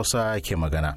Hausa ke magana.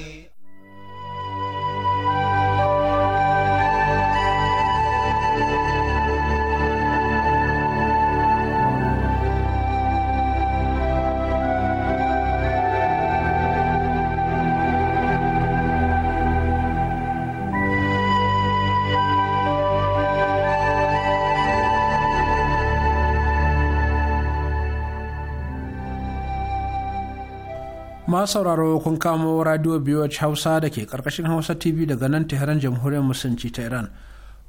masu sauraro kun kamo radio BOH Hausa da ke karkashin Hausa TV daga nan Tehran Jamhuriyar Musulunci ta Iran.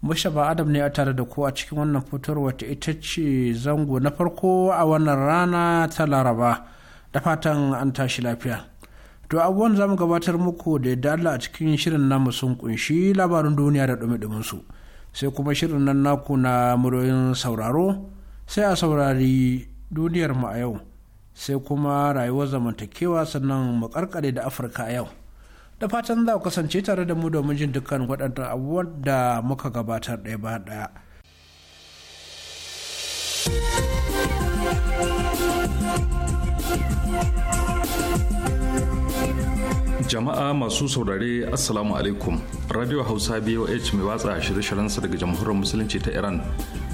Mushaba Adam ne a tare da ku a cikin wannan fitar wata ita ce zango na farko a wannan rana ta Laraba da fatan an tashi lafiya. To abubuwan za mu gabatar muku da yadda Allah a cikin shirin namu sun kunshi labarin duniya da dumi su sai kuma shirin nan naku na muryoyin sauraro sai a saurari duniyar mu a yau. sai kuma rayuwar zamantakewa sannan mu karkare da afirka yau da fatan za ku kasance tare da mu domin jin dukkan waɗanda abubuwan da muka gabatar ɗaya ba ɗaya jama'a masu saurare assalamu alaikum radio hausa boh mai watsa shirye-shiryensa daga jamhuriyar musulunci ta iran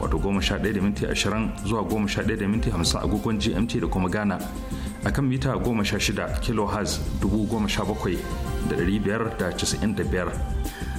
wato goma sha ɗaya da minti ashirin zuwa goma sha ɗaya da minti hamsin agogon gmt da kuma ghana akan mita goma sha shida kilohirs dubu goma sha bakwai da ɗari biyar da casa'in da biyar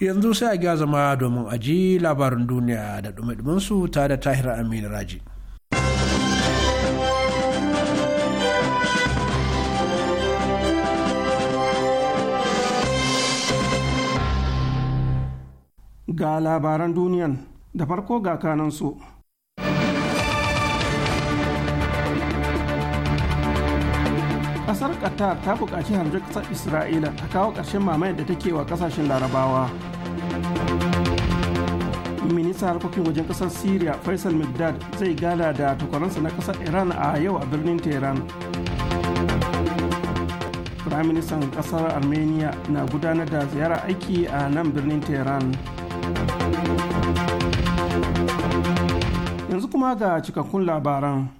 yanzu sai a gya zama domin aji labarin duniya da dumi-duminsu ta da tahir amin raji ga labaran duniyan da farko ga kanansu kasar qatar ta buƙaci hamjar kasar isra'ila ta kawo ƙarshen mamayar da take wa ƙasashen larabawa ministan harkokin wajen ƙasar syria faisal mcdad zai gada da takwaransa na ƙasar iran a yau a birnin tehran firaministan ƙasar armenia na gudanar da ziyara aiki a nan birnin tehran yanzu kuma ga cikakkun labaran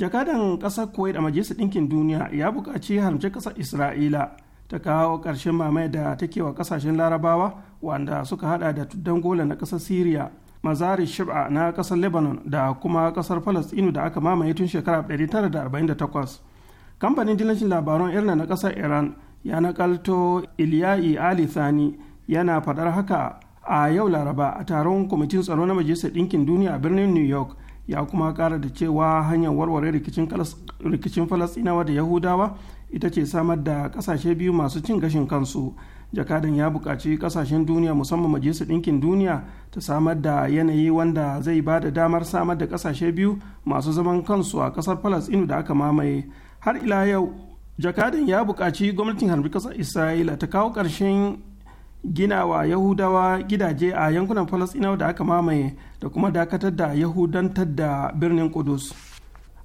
jakadan kasar kuwait a majalisar ɗinkin duniya ya buƙaci haramce kasar isra'ila ta kawo ƙarshen mamaye da take wa ƙasashen larabawa wanda suka hada da tuddan gola na ƙasar syria mazari shib'a na ƙasar lebanon da kuma ƙasar falastinu da aka mamaye tun shekara 1948 kamfanin dillancin labaran irna na kasar iran ya nakalto iliyayi ali thani yana faɗar haka a yau laraba a taron kwamitin tsaro na majalisar ɗinkin duniya a birnin new york ya kuma kara da cewa hanyar warware rikicin falasinawa da yahudawa ita ce samar da kasashe biyu masu cin gashin kansu jakadan ya buƙaci kasashen duniya musamman majalisar ɗinkin duniya ta samar da yanayi wanda zai ba da damar samar da kasashe biyu masu zaman kansu a ƙasar falasinu da aka mamaye har ila yau jakadan ya buƙaci gwamnatin harbi ƙasar isra'ila ta kawo ƙarshen ginawa yahudawa gidaje a yankunan falasɗinawa da aka mamaye da kuma dakatar da yahudantar da birnin kudus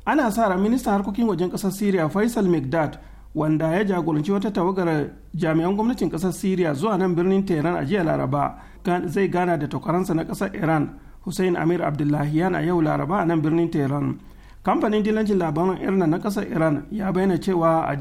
ana sa ran ministan harkokin wajen kasar syria faisal mcdad wanda ya jagoranci wata tawagar jami'an gwamnatin kasar syria zuwa nan birnin tehran a jiya laraba zai gana da takwaransa na kasar iran hussein amir abdullahiyan a yau laraba a nan birnin tehran kamfanin dilancin labaran irna na kasar iran ya bayyana cewa a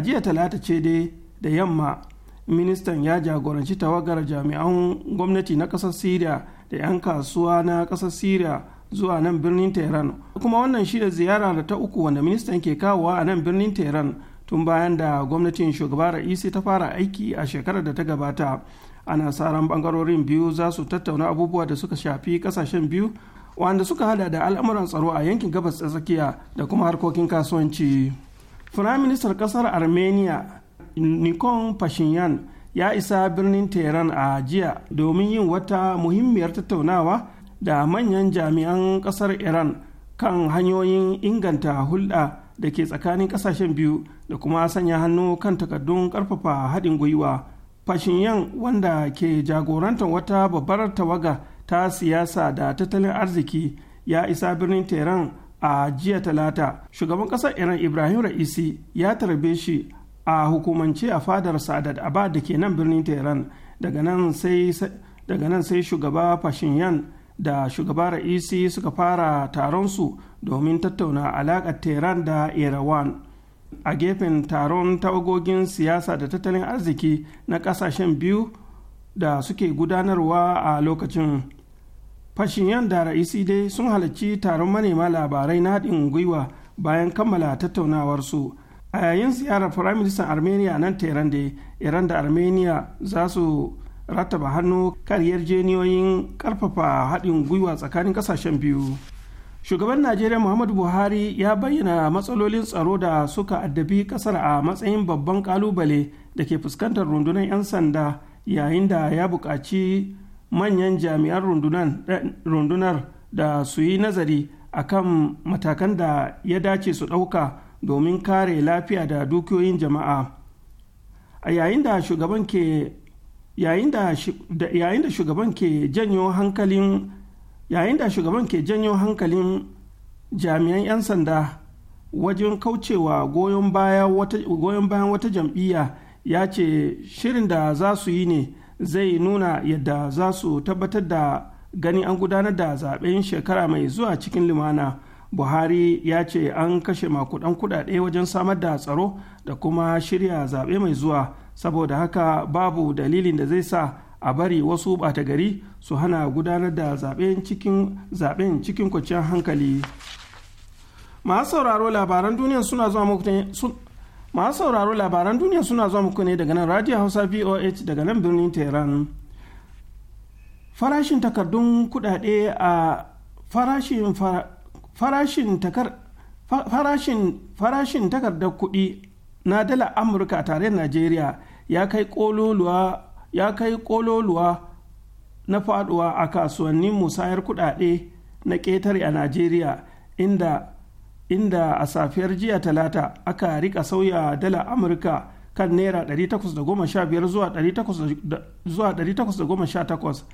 jiya talata ce dai da yamma ministan ya jagoranci tawagar jami'an gwamnati na ƙasar syria da 'yan kasuwa na ƙasar syria zuwa nan birnin tehran kuma wannan shi da ziyara da ta uku wanda ministan ke kawowa a nan birnin tehran tun bayan da gwamnatin shugaba ra'isi ta fara aiki a shekarar da ta gabata ana saran bangarorin biyu za su tattauna abubuwa da suka shafi kasashen biyu wanda suka hada da al'amuran tsaro a yankin gabas tsakiya da kuma harkokin kasuwanci firaministan kasar armenia nikon pashinyan ya isa birnin tehran a jiya domin yin wata muhimmiyar tattaunawa da manyan jami'an kasar iran kan hanyoyin inganta hulɗa da ke tsakanin kasashen biyu da kuma sanya hannu kan takardun karfafa haɗin gwiwa fashinyan wanda ke jagorantar wata babbar tawaga ta siyasa da tattalin arziki ya isa birnin tehran a jiya talata shugaban kasar iran ibrahim ra'isi ya tarbe shi a hukumance a fadar sadat abad da ke nan birnin tehran daga nan sai shugaba fashinyan da shugaba ra'isi suka fara taron su domin tattauna alaƙar tehran da irawan a gefen taron tawagogin siyasa da tattalin arziki na ƙasashen biyu da suke gudanarwa a lokacin fashinyan da ra'isi dai sun halarci taron manema labarai na haɗin gwiwa bayan kammala tattaunawarsu a yayin ziyarar firaministan armenia nan teran da iran da armenia za su rattaba hannu kan yarjeniyoyin karfafa haɗin gwiwa tsakanin ƙasashen biyu shugaban najeriya muhammadu buhari ya bayyana matsalolin tsaro da suka addabi kasar a matsayin babban kalubale da ke fuskantar rundunar 'yan sanda yayin da ya buƙaci manyan jami'an rundunar da su yi nazari kan matakan da ya dace su ɗauka domin kare lafiya da dukiyoyin jama'a a yayin da shugaban ke yayin da shugaban ke janyo hankalin yayin da shugaban ke janyo hankalin jami'an 'yan sanda wajen kaucewa goyon bayan wata jam'iyya ya ce shirin da za su yi ne zai nuna yadda za su tabbatar da gani an gudanar da zaben shekara mai zuwa cikin limana buhari ya ce an kashe makudan kudade wajen samar da tsaro da kuma shirya zabe mai zuwa saboda haka babu dalilin da zai sa a bari wasu ɓata gari su hana gudanar da zaɓen cikin kwanciyar hankali labaran duniya suna zuwa masu sauraro labaran duniya suna zuwa muku ne daga nan radio hausa voh daga nan birnin tehran farashin takardun kudade a farashin farashin takardar kuɗi na dala amurka tare najeriya ya kai kololuwa na faduwa a kasuwannin musayar kuɗaɗe na ƙetare a najeriya inda inda a safiyar jiya talata aka rika sauya dala amurka kan naira 815 zuwa 818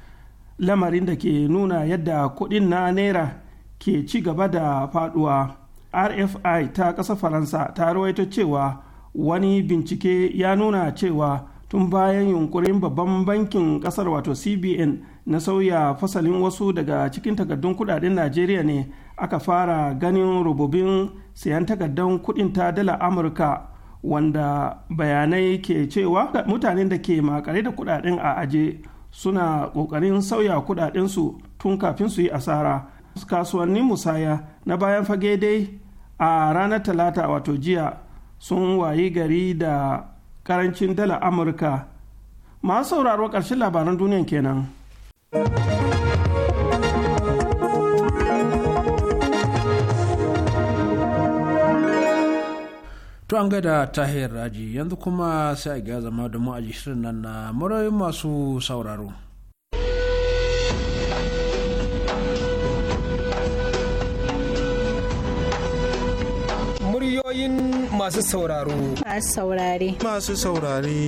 lamarin da ke nuna yadda kuɗin na naira ke ci gaba da faduwa rfi ta ƙasa faransa ta rawaito cewa wani bincike ya nuna cewa tun bayan yunkurin babban bankin ƙasar wato cbn na sauya fasalin wasu daga cikin takardun kudaden najeriya ne aka fara ganin rububin sayan takardun kudin ta dala amurka wanda bayanai ke cewa mutanen da ke makare da kudaden a aje suna kokarin sauya kudadensu tun kafin su yi asara kasuwannin musaya na bayan fage dai a ranar talata wato jiya sun wayi gari da karancin dala amurka masu sauraro ƙarshen labaran duniyan kenan. To an gada tahir raji yanzu kuma sai a gaza zama da mu a shirin nan na murayin masu sauraro. ra'ayoyin masu sauraro. Masu saurare. Masu saurare.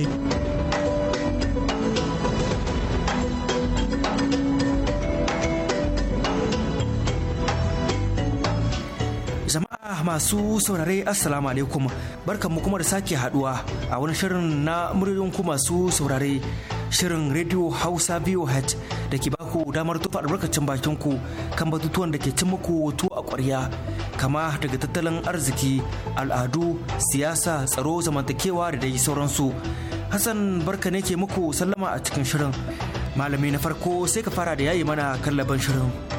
Jama'a masu saurare Assalamu alaikum barkanmu kuma da sake haduwa a wani shirin na muryoyinku masu saurare. shirin Radio Hausa VOH da ke baku damar tufa albarkacin bakin ku kan batutuwan da ke cin muku wato a kwarya kama daga tattalin arziki, al'adu, siyasa, tsaro, zamantakewa da dai sauransu. Hassan barka ne ke muku sallama a cikin shirin. Malami na farko sai ka fara da yayi mana kallaban shirin.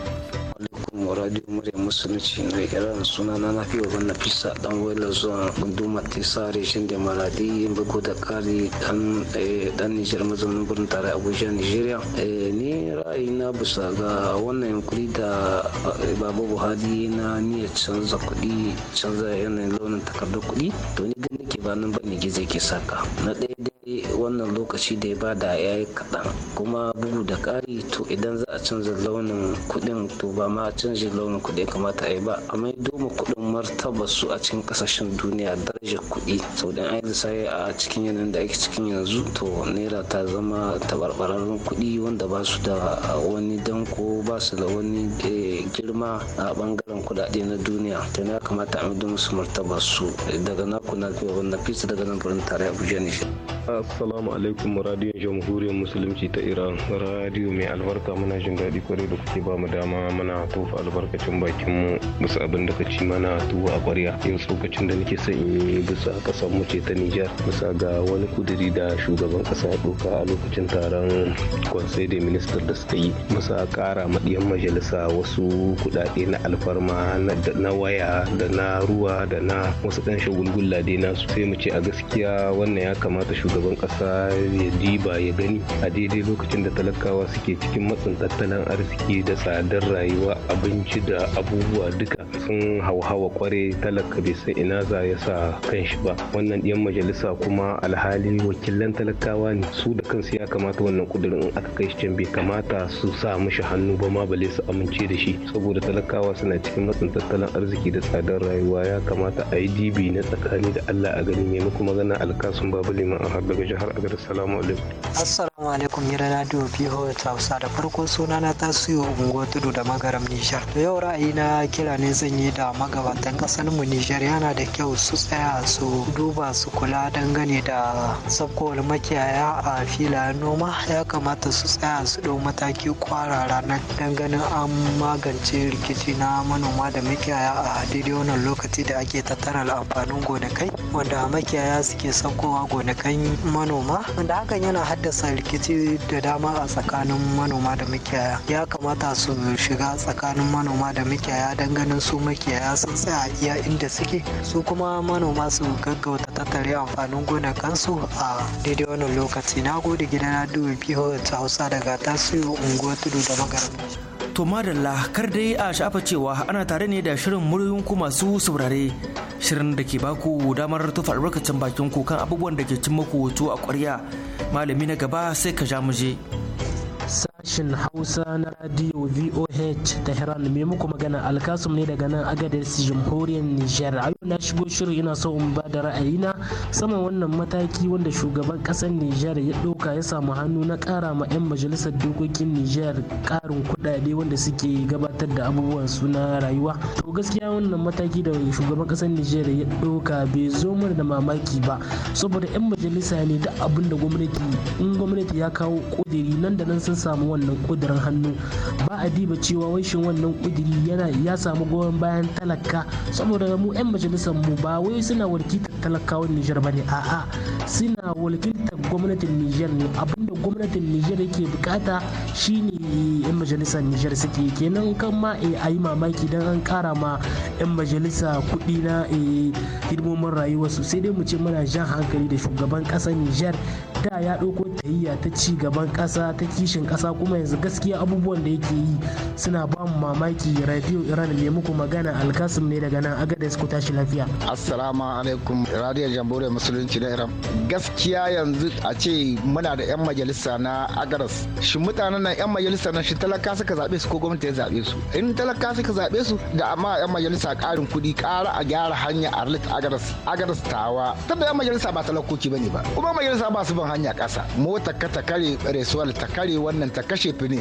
alaikum wa radio murya musulunci na iran suna na na fiye wannan fisa dan wela zuwa gunduma tisa reshen da maradi yin bugu da kari eh, dan nijar mazaunin birnin tare abuja nigeria eh, ni na bisa ga wannan yankuri da eh, babu buhari na niyya canza kuɗi canza yanayin launin takardar kuɗi to ni ganin ke ba nan ba ne gizo ke saka na ɗaya Eh, wannan lokaci da ya da ya yi kaɗan kuma bugu da ƙari to idan za a canza launin kuɗin to ba ma a canza launin kuɗi kamata a yi ba a mai doma kuɗin martaba su a cikin ƙasashen duniya darajar kuɗi sau da an a cikin yanayin da ake cikin yanzu to naira ta zama tabarbararren kuɗi wanda ba su da wani danko ba su da wani eh, girma a ɓangaren kuɗaɗe na duniya to ya kamata a mai doma su martaba su daga naku na fiye wannan fisa daga nan birnin tare abuja ne. Assalamu alaikum radiyon jamhuriyar musulunci ta Iran radiyo mai albarka muna jin daɗi kwarai da kuke ba mu dama muna tofa albarkacin bakin mu bisa abin da kaci mana tuwo a kwarya yau tsokacin da nake son yi bisa kasar mu ce ta Nijar bisa ga wani kudiri da shugaban kasa ya doka a lokacin taron Conseil da Minister da suka yi bisa kara maɗiyan majalisa wasu kuɗaɗe na alfarma na waya da na ruwa da na wasu ɗan shagulgulla dai nasu sai mu ce a gaskiya wannan ya kamata shugaban ƙasa ya diba ya gani a daidai lokacin da talakawa suke cikin matsin tattalin arziki da tsadar rayuwa abinci da abubuwa duka sun hauhawa kware talaka bai san ina za ya sa kanshi ba wannan ɗiyan majalisa kuma alhali wakilan talakawa ne su da kansu ya kamata wannan kudirin in aka kai shi can bai kamata su sa mishi hannu ba ma bale su amince da shi saboda talakawa suna cikin matsin tattalin arziki da tsadar rayuwa ya kamata a yi dibi na tsakani da allah a gani maimakon magana alkasun babu liman a daga jihar agar salamu alaikum assalamu alaikum radio biyu hausa da farko suna na tasiyo ungo tudu da magaram nijar da yau ra'ayina kira ne zan yi da magabatan kasar mu nijar yana da kyau su tsaya su duba su kula dangane da sabkowar makiyaya a filayen noma ya kamata su tsaya su ɗau mataki kwarara na ganin an magance rikici na manoma da makiyaya a daidai wannan lokaci da ake tattara amfanin gonakai wanda makiyaya suke saukowa gonakan manoma wanda hakan yana haddasa rikici da dama a tsakanin manoma da makiyaya ya kamata su shiga tsakanin manoma da makiyaya don ganin su makiyaya sun tsaya iya inda suke su kuma manoma su gaggauta tattare amfanin kansu a daidai wannan lokaci na gode gidan radio ta hausa daga tasiri unguwar tudu da magarin To madalla kar dai a sha'afa cewa ana tare ne da shirin muryoyin ku masu saurare shirin da ke baku damar tufa albarkacin bakin ku kan abubuwan da ke cin maku wato a ƙwarya malami na gaba sai ka ja muje. sashen Hausa na Radio VOH Tehran mai muku magana Alkasum ne daga nan Agadez Jamhuriyar Nijar. A yau na shigo shirin ina so in ba da ra'ayina saman wannan mataki wanda shugaban kasar Nijar ya ɗauka ya samu hannu na ƙara ma 'yan majalisar dokokin Nijar ƙarin kuɗaɗe wanda suke gabatar da abubuwan su na rayuwa. To gaskiya wannan mataki da shugaban kasar Nijar ya ɗauka bai zo mana da mamaki ba saboda 'yan majalisa ne da abin da gwamnati in gwamnati ya kawo ƙudiri nan da nan sun samu wannan kudirin hannu ba a diba cewa washin shin wannan kudiri yana ya samu goyon bayan talaka saboda mu 'yan majalisar mu ba wai suna walkitar talakawan Nijar ba ne a'a suna wakiltar gwamnatin Nijar ne abinda gwamnatin Nijar yake bukata shine 'yan majalisar Nijar suke kenan kan ma eh, a yi mamaki don an kara ma 'yan majalisa kuɗi na eh, hidimomin rayuwarsu sai dai mu ce muna jan hankali da shugaban ƙasar Nijar da ya ɗauko tayayya ta ci gaban ƙasa ta kishin ƙasa kuma yanzu gaskiya abubuwan da yake yi suna ba mu mamaki radio iran mai muku magana alkasim ne daga nan agadez ku tashi lafiya assalamu alaikum radio jamhuriyar musulunci na iran gaskiya yanzu a ce muna da yan majalisa na agaras shi mutanen nan yan majalisa na shi talaka suka zaɓe su ko gwamnati ya zaɓe su in talaka suka zaɓe su da amma yan majalisa ƙarin kuɗi ƙara a gyara hanya a agaras agaras tawa tunda yan majalisa ba talakoki bane ba kuma majalisa ba su ban hanya ƙasa motar ka ta kare resuwal ta kare wannan ta kashe fini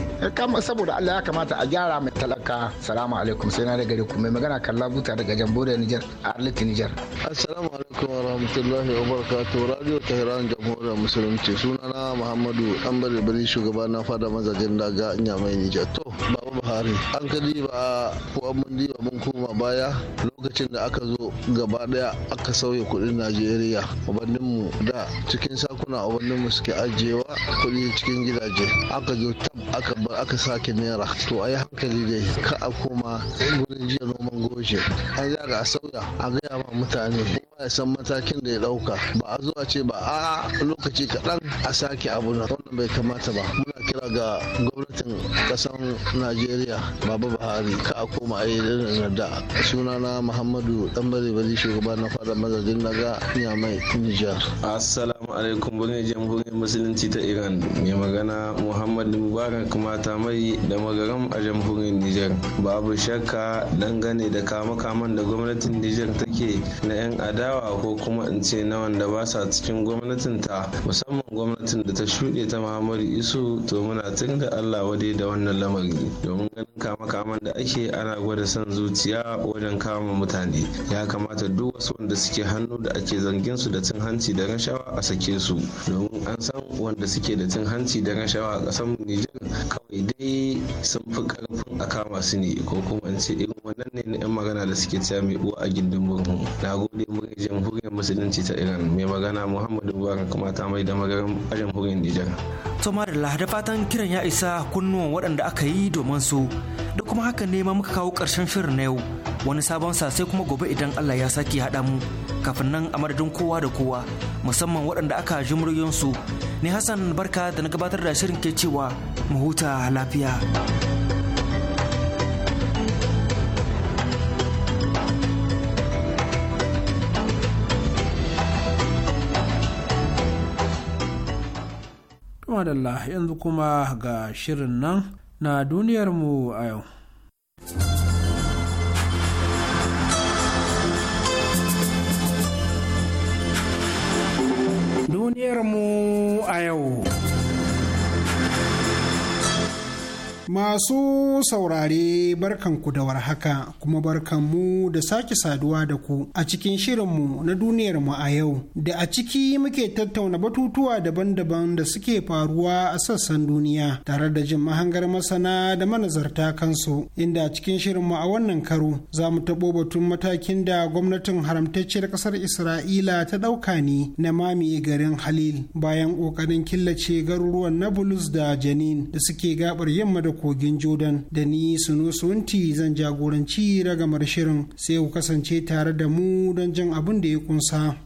saboda Allah ya kamata a gyara mai talaka salamu alaikum sai na da gare ku magana kalla buta daga jamhuriyar Nijar a Arliti Nijar assalamu alaikum wa rahmatullahi wa barakatuh radio Tehran jamhuriyar musulunci sunana Muhammadu dan bari shugaba na fada mazajen daga mai niger to baba Buhari an kadi ba ko mun diba mun koma baya lokacin da aka zo gaba daya aka sauya kudin Najeriya mu da cikin sakuna mu suke ajiyewa kudi cikin gidaje aka zo tab aka bar aka sake naira to a yi hankali dai ka a koma gurin jiya noman goje an za a sauya a gaya ma mutane kowa ya san matakin da ya ɗauka ba a zuwa ce ba a lokaci kaɗan a sake abu na wannan bai kamata ba muna kira ga gwamnatin ƙasar najeriya baba buhari ka a koma a yi da sunana muhammadu dan bari bari shugaba na fada mazajin ga niyamai nijar assalamu alaikum bane jamhuriyar musulunci ta iran mai magana muhammad mubarak mata mai da magaram a jamhuriyar niger babu shakka dangane da kama-kaman da gwamnatin niger take na 'yan adawa ko kuma in ce na wanda ba sa cikin gwamnatin ta musamman gwamnatin da ta shuɗe ta muhammadu isu to muna tun da allah wade da wannan lamari domin ganin kama-kaman da ake ana gwada son zuciya wajen kama mutane ya kamata duk wasu wanda suke hannu da ake zargin su da cin hanci da rashawa a sake su domin an san wanda suke da cin hanci da rashawa a ƙasar Nijar kawai dai sun fi ƙarfin a kama su ne ko kuma in ce irin wannan ne na 'yan magana da suke cewa mai uwa a gindin murhu. Na gode murai jamhuriyar musulunci ta Iran mai magana Muhammadu Buhari kuma ta mai da magarin a jamhuriyar Nijar. To da da fatan kiran ya isa kunnuwan waɗanda aka yi domin su da kuma haka ne ma muka kawo ƙarshen shirin na yau wani sabon sa sai kuma gobe idan Allah ya sake haɗa mu kafin nan a madadin kowa da kowa musamman waɗanda aka ji muryoyinsu ne Hassan barka da na gabatar da shirin ke cewa mu huta lafiya. Madalla yanzu kuma ga shirin nan na duniyarmu a yau. duniyarmu a yau. Masu saurare barkanku da warhaka kuma barkanmu da sake saduwa da ku a cikin shirinmu na duniyar mu a yau da a ciki muke tattauna batutuwa daban-daban da suke faruwa a sassan duniya tare da jin mahangar masana da manazarta kansu inda a cikin shirinmu a wannan karo za mu taɓo batun matakin da gwamnatin haramtacciyar ƙasar Isra'ila ta ɗauka ne na mami garin Halil bayan ƙoƙarin killace garuruwan Nablus da Janin da suke gabar yamma da kogin jordan da ni suno sunti zan jagoranci ragamar shirin sai ku kasance tare da mu don jan abin da ya kunsa.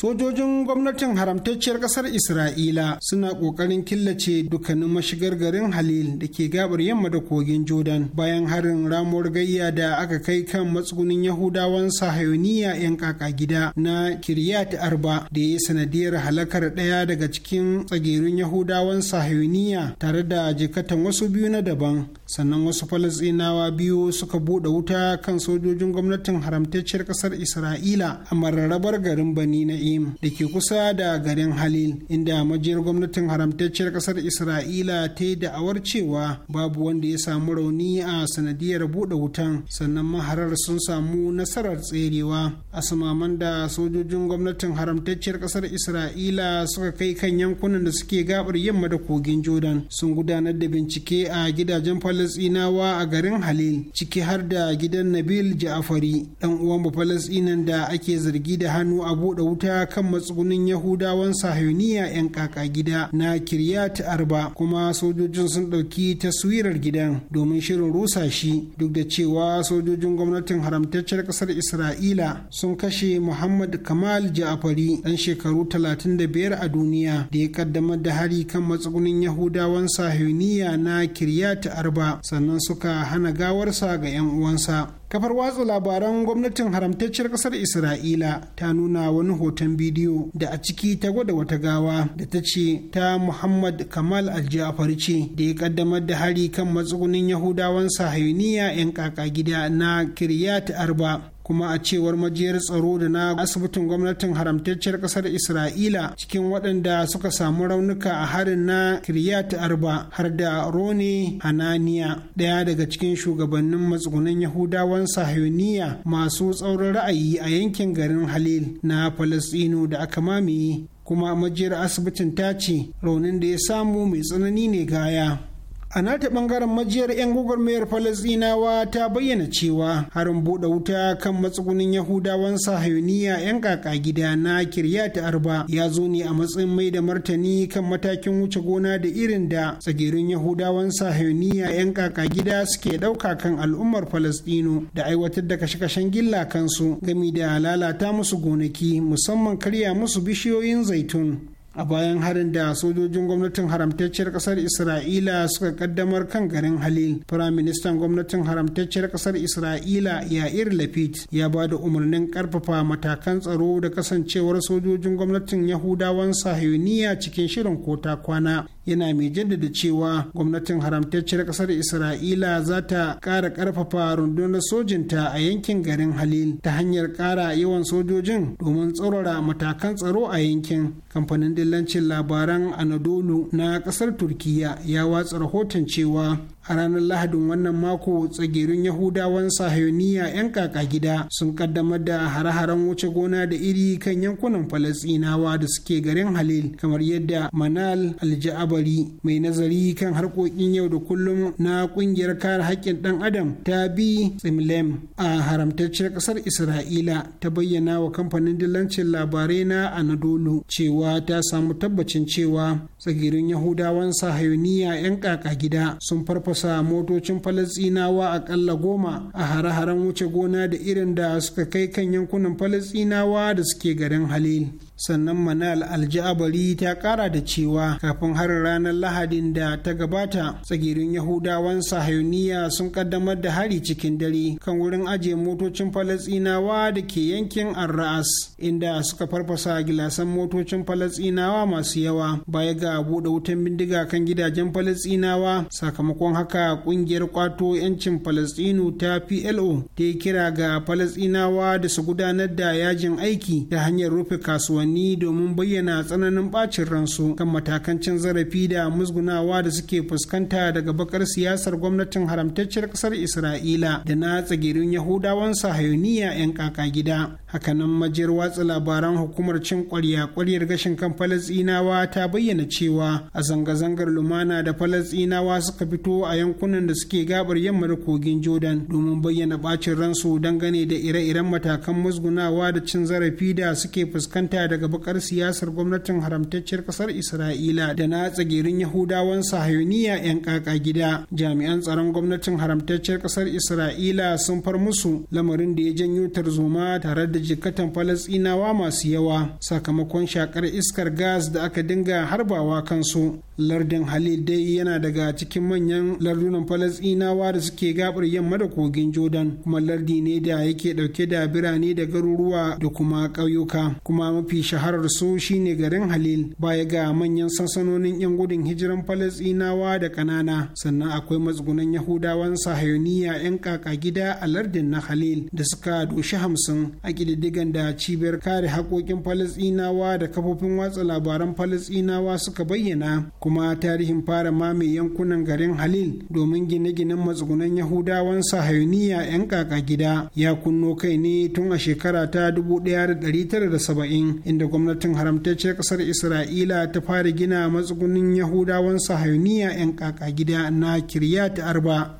sojojin gwamnatin haramtacciyar kasar isra'ila suna kokarin killace dukkanin mashigar garin halil da ke gabar yamma da kogin jordan bayan harin ramuwar gayya da aka kai kan matsugunin yahudawan sahayoniya 'yan kaka gida na kiryat arba da ya yi sanadiyar halakar ɗaya daga cikin tsagerun yahudawan sahayoniya tare da jikatan wasu biyu na daban sannan wasu falastinawa biyu suka buɗe wuta kan sojojin gwamnatin haramtacciyar kasar isra'ila a mararrabar garin bani na Urushalim da ke kusa da garin Halil inda majiyar gwamnatin haramtacciyar kasar Isra'ila ta yi da'awar cewa babu wanda ya samu rauni a sanadiyar buɗe wutan sannan maharar sun samu nasarar tserewa samaman da sojojin gwamnatin haramtacciyar kasar Isra'ila suka kai kan yankunan da suke gabar yamma da kogin Jordan sun gudanar da bincike a gidajen Falasɗinawa a garin Halil ciki har da gidan Nabil Ja'afari dan uwan Falasɗinan da ake zargi da hannu a buɗe wuta nasara kan matsugunin yahudawan sahiyoniya 'yan kaka gida na kiryat arba kuma sojojin sun ɗauki taswirar gidan domin shirin rusa shi duk da cewa sojojin gwamnatin haramtaccen ƙasar isra'ila sun kashe muhammad kamal ja'afari dan shekaru 35 a duniya da ya kaddamar da hari kan matsugunin yahudawan sahiyoniya na kiryat arba sannan suka hana gawarsa ga 'yan uwansa kafar watsa labaran gwamnatin haramtacciyar kasar isra'ila ta nuna wani hoton bidiyo da a ciki ta gwada wata gawa da ta ce ta muhammad kamal aljafar ce da ya kaddamar da hari kan matsugunin yahudawan sahayuniya 'yan kaka gida na kiryat arba kuma a cewar majiyar tsaro da na asibitin gwamnatin haramtacciyar kasar isra'ila cikin waɗanda suka samu raunuka a harin na kiryat arba har da roni hananiya ɗaya daga cikin shugabannin matsugunan yahudawan sahiyoniya masu tsaurin ra'ayi a yankin garin halil na falasɗinu da aka mamaye kuma majiyar asibitin ta ce raunin da ya samu mai tsanani ne gaya a nata bangaren majiyar 'yan gwagwarmayar falasdinawa ta bayyana cewa harin buɗe wuta kan matsugunin yahudawan sahayuniya 'yan kaka gida na kirya ta arba ya zo ne a matsayin mai da martani kan matakin wuce gona da irin da tsagirin yahudawan sahayuniya 'yan kaka gida suke ɗauka kan al'ummar falasdino da aiwatar da kashe-kashen gilla kansu gami da lalata musu gonaki musamman karya musu bishiyoyin zaitun a bayan harin da sojojin gwamnatin haramtacciyar kasar isra'ila suka kaddamar kan garin halil firaministan gwamnatin haramtacciyar kasar isra'ila yair lapid ya ba da umarnin karfafa matakan tsaro da kasancewar sojojin gwamnatin yahudawan sahiyoniya cikin shirin kota kwana yana mai jaddada cewa gwamnatin haramtacciyar kasar isra'ila za ta ƙara ƙarfafa rundunar sojinta a yankin garin halil ta hanyar ƙara yawan sojojin domin tsaurara matakan tsaro a yankin kamfanin dillancin labaran anadolu na ƙasar turkiya ya watsa rahoton cewa a ranar lahadin wannan mako tsagerun yahudawan sahayoniya 'yan kaka gida sun kaddamar da hare-haren wuce gona da iri kan yankunan falasinawa da suke garin halil kamar yadda manal alja'abari mai nazari kan harkokin yau da kullum na kungiyar kare haƙƙin dan adam ta bi tsimlem a haramtacciyar ƙasar isra'ila ta bayyana wa kamfanin dillancin labarai na anadolu cewa ta samu tabbacin cewa tsagerun yahudawan sahayoniya 'yan kaka gida sun farfasa sa motocin falasinawa akalla goma a hare-haren wuce gona da irin da suka kai kan yankunan falasinawa da suke garin halil sannan manal aljabari ta kara da cewa kafin har ranar lahadin da ta gabata tsagirin yahudawan sahayuniya sun kaddamar da hari cikin dare kan wurin ajiye motocin falasinawa da ke yankin arra'as inda suka farfasa gilasan motocin falasinawa masu yawa baya ga buɗe wutan bindiga kan gidajen falasinawa sakamakon haka ƙungiyar kwato 'yancin falasinu ta plo ta yi kira ga falasinawa da su gudanar da yajin aiki ta hanyar rufe kasuwanni rahotanni domin bayyana tsananin bacin ransu kan matakancin zarafi da musgunawa da suke fuskanta daga bakar siyasar gwamnatin haramtacciyar kasar isra'ila da na tsagirin yahudawan sahayoniya 'yan kaka gida hakanan majiyar watsa labaran hukumar cin kwarya kwaryar gashin kan falasinawa ta bayyana cewa a zanga-zangar lumana da falasinawa suka fito a yankunan da suke gabar yamma da kogin jordan domin bayyana bacin ransu dangane da ire-iren matakan musgunawa da cin zarafi da suke fuskanta daga bakar siyasar gwamnatin haramtacciyar kasar isra'ila da na tsagerin yahudawan sahayuniya 'yan kaka gida jami'an tsaron gwamnatin haramtacciyar kasar isra'ila sun far musu lamarin da ya janyo tarzoma tare da da jikatan falasinawa masu yawa sakamakon shakar iskar gas da aka dinga harbawa kansu lardin halil dai yana daga cikin manyan lardunan falasinawa da suke gabar yamma da kogin jordan kuma lardi ne da yake dauke da birane da garuruwa da kuma ƙauyuka kuma mafi shaharar su shine garin halil baya ga manyan sansanonin yan gudun hijiran falasinawa da ƙanana sannan akwai matsugunan yahudawan sahayoniya yan kaka gida a lardin na halil da suka doshi hamsin a diddigan da cibiyar kare haƙoƙin falasɗinawa da kafofin watsa labaran falasɗinawa suka bayyana kuma tarihin fara mame yankunan garin halil domin gine-ginen matsugunan yahudawan sahayuniya 'yan kaka gida ya kunno kai ne tun a shekara ta 1970 inda gwamnatin haramtacciyar ƙasar isra'ila ta fara gina matsugunin yahudawan sahayuniya 'yan kaka gida na kiryat arba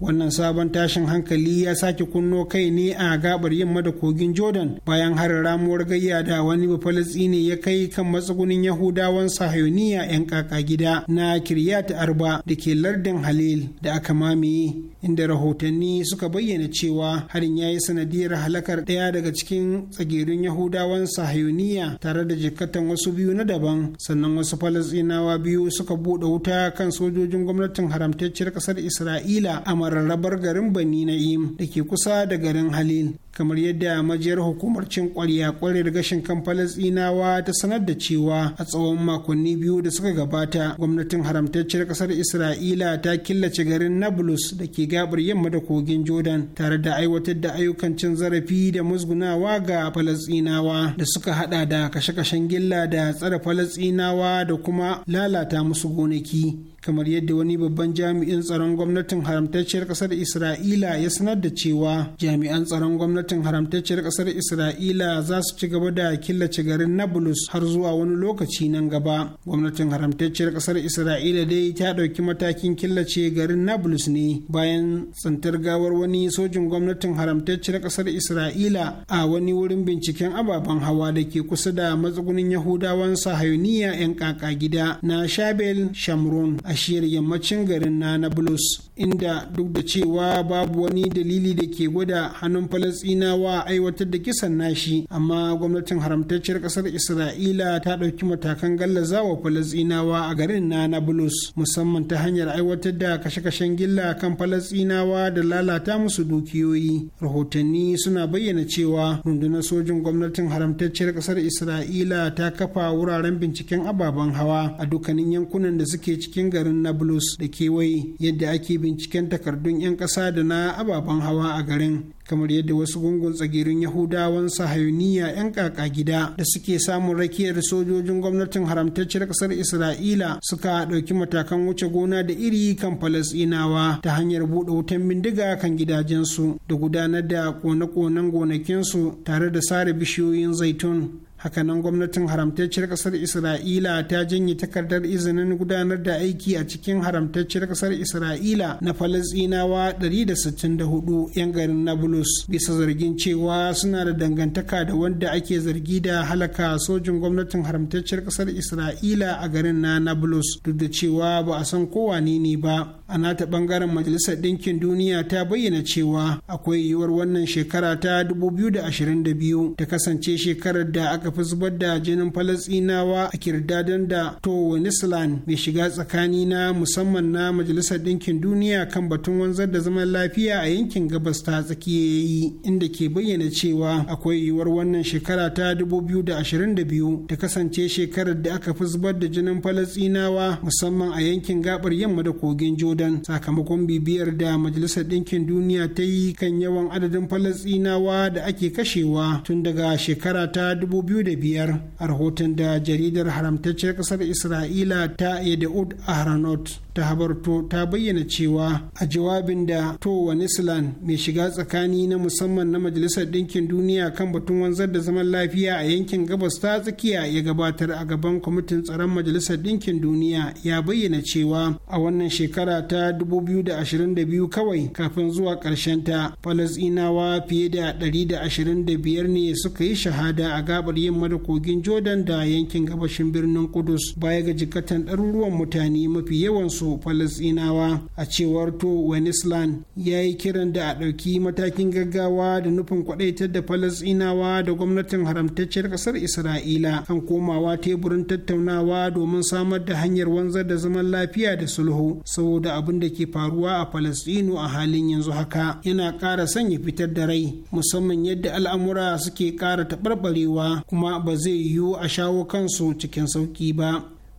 wannan sabon tashin hankali ya sake kunno kai ne a gabar yamma da kogin jordan bayan harin ramuwar gayya da wani bafalistini ya kai kan matsugunin yahudawan sahayoniya 'yan kaka gida na kiryat arba da ke lardin halil da aka mamaye inda rahotanni suka bayyana cewa harin ya yi sanadiyar halakar daya daga cikin tsagerun yahudawan sahayoniya tare da jikatan wasu biyu na daban sannan wasu falastinawa biyu suka buɗe wuta kan sojojin gwamnatin haramtacciyar ƙasar isra'ila a rarrabar garin bani na'im da ke kusa da garin halil kamar yadda majiyar hukumar cin kwarya da gashin kan falasdinawa ta sanar da cewa a tsawon makonni biyu da suka gabata gwamnatin haramtacciyar kasar isra'ila ta killace garin nablus da ke gabar yamma da kogin jordan tare da aiwatar da ayyukan cin zarafi da musgunawa ga falasdinawa da suka hada da kashe-kashen gilla da tsare falasdinawa da kuma lalata musu gonaki kamar yadda wani babban jami'in tsaron gwamnatin haramtacciyar kasar isra'ila ya sanar da cewa jami'an tsaron gwamnatin haramtacciyar kasar isra'ila za su ci gaba da killace garin nablus har zuwa wani lokaci nan gaba gwamnatin haramtacciyar kasar isra'ila dai ta ɗauki matakin killace garin nablus ne bayan tsantar gawar wani sojin gwamnatin haramtacciyar kasar isra'ila a wani wurin binciken ababen hawa da ke kusa da matsugunin yahudawan sahayuniya 'yan kaka gida na shabel shamron a shiyar yammacin garin na Nablus inda duk da cewa babu wani dalili da ke gwada hannun a aiwatar da kisan nashi amma gwamnatin haramtacciyar ƙasar Isra'ila ta ɗauki matakan gallazawa Falasɗinawa a garin na Nablus musamman ta hanyar aiwatar da kashe-kashen gilla kan Falasɗinawa da lalata musu dukiyoyi rahotanni suna bayyana cewa rundunar sojin gwamnatin haramtacciyar ƙasar Isra'ila ta kafa wuraren binciken ababen hawa a dukkanin yankunan da suke cikin garin garin nablus da kewaye yadda ake binciken takardun 'yan ƙasa da na ababen hawa a garin kamar yadda wasu gungun tsagirin yahudawan sahayuniya 'yan kaka gida da suke samun rakiyar sojojin gwamnatin haramtacciyar kasar isra'ila suka ɗauki matakan wuce gona da iri kan falasinawa ta hanyar buɗe wutan bindiga kan gidajensu da gudanar da kone-konen gonakinsu tare da sare bishiyoyin zaitun hakanan gwamnatin haramtacciyar kasar isra'ila ta janye takardar izinin gudanar da aiki a cikin haramtacciyar kasar isra'ila na falasinawa 164 'yan garin nablus bisa zargin cewa suna da dangantaka da wanda ake zargi da halaka sojin gwamnatin haramtacciyar kasar isra'ila a garin na nablus duk da cewa ba a san kowane ne ba a nata bangaren majalisar ɗinkin duniya ta bayyana cewa akwai yiwuwar wannan shekara ta 2022 ta kasance shekarar da aka fi zubar da jinin falasinawa a kirdadan da to Wenisland mai shiga tsakani na musamman na majalisar ɗinkin duniya kan batun wanzar da zaman lafiya a yankin gabas ta tsakiyayi inda ke bayyana cewa akwai yiwuwar wannan shekara ta 2022 ta kasance shekarar da aka fi zubar da jinin falasinawa musamman a yankin gabar yamma da kogin jordan Sudan sakamakon bibiyar da majalisar ɗinkin duniya ta yi kan yawan adadin falasɗinawa da ake kashewa tun daga shekara ta dubu biyu da biyar, a rahoton da jaridar haramtacciyar ƙasar isra'ila ta yadda'ud ahranot ta habarto ta bayyana cewa a jawabin da to Nislan mai shiga tsakani na musamman na Majalisar Ɗinkin Duniya kan batun wanzar da zaman lafiya a yankin gabas ta tsakiya ya gabatar a gaban kwamitin tsaron Majalisar Ɗinkin Duniya ya bayyana cewa a wannan shekara ta 2022 kawai kafin zuwa ƙarshen ta Falasɗinawa fiye da 125 ne suka yi shahada a gabar yin da kogin Jordan da yankin gabashin birnin Kudus baya ga jikatan ɗaruruwan mutane mafi yawansu su falasinawa a cewar to wenisland ya yi kiran da a ɗauki matakin gaggawa da nufin kwadaitar da falasinawa da gwamnatin haramtacciyar ƙasar isra'ila kan komawa teburin tattaunawa domin samar da hanyar wanzar da zaman lafiya da sulhu saboda abin da ke faruwa a falasinu a halin yanzu haka yana ƙara sanya fitar da rai musamman yadda al'amura suke ƙara taɓarɓarewa kuma ba zai yiwu a shawo kansu cikin sauƙi ba